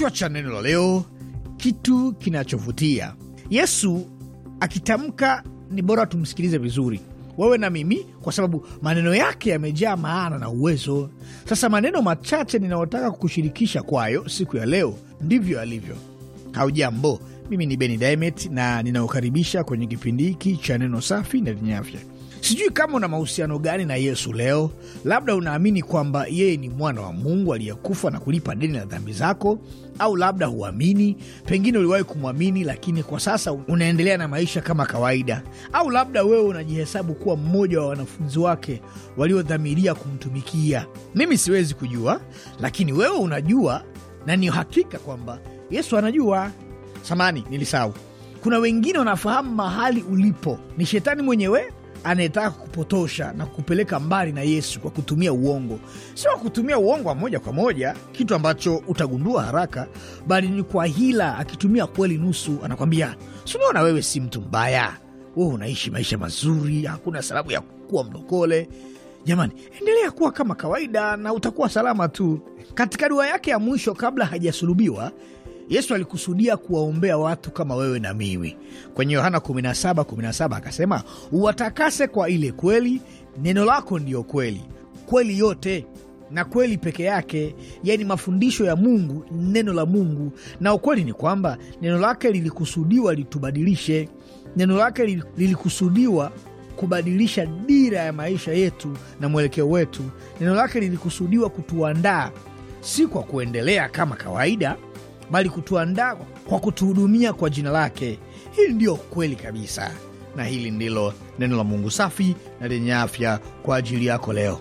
Kichwa cha neno la leo, kitu kinachovutia. Yesu akitamka, ni bora tumsikilize vizuri, wewe na mimi, kwa sababu maneno yake yamejaa maana na uwezo. Sasa maneno machache ninayotaka kukushirikisha kwayo siku ya leo ndivyo yalivyo. Haujambo, mimi ni Beni Dimet na ninaokaribisha kwenye kipindi hiki cha neno safi na lenye afya. Sijui kama una mahusiano gani na Yesu leo. Labda unaamini kwamba yeye ni mwana wa Mungu aliyekufa na kulipa deni la dhambi zako, au labda huamini. Pengine uliwahi kumwamini, lakini kwa sasa unaendelea na maisha kama kawaida, au labda wewe unajihesabu kuwa mmoja wa wanafunzi wake waliodhamiria kumtumikia. Mimi siwezi kujua, lakini wewe unajua, na ni hakika kwamba Yesu anajua. Samani, nilisahau, kuna wengine wanafahamu mahali ulipo. Ni shetani mwenyewe anayetaka kupotosha na kupeleka mbali na Yesu kwa kutumia uongo, sio kutumia uongo wa moja kwa moja, kitu ambacho utagundua haraka, bali ni kwa hila, akitumia kweli nusu. Anakwambia, sunaona wewe si mtu mbaya, wewe unaishi maisha mazuri, hakuna sababu ya kuwa mlokole. Jamani, endelea kuwa kama kawaida na utakuwa salama tu. Katika dua yake ya mwisho kabla hajasulubiwa Yesu alikusudia kuwaombea watu kama wewe na mimi. Kwenye Yohana 17:17 akasema uwatakase kwa ile kweli, neno lako ndiyo kweli. Kweli yote na kweli peke yake, yaani mafundisho ya Mungu, neno la Mungu. Na ukweli ni kwamba neno lake lilikusudiwa litubadilishe, neno lake lilikusudiwa kubadilisha dira ya maisha yetu na mwelekeo wetu. Neno lake lilikusudiwa kutuandaa, si kwa kuendelea kama kawaida bali kutuandaa kwa kutuhudumia kwa jina lake. Hili ndiyo kweli kabisa, na hili ndilo neno la Mungu safi na lenye afya kwa ajili yako leo.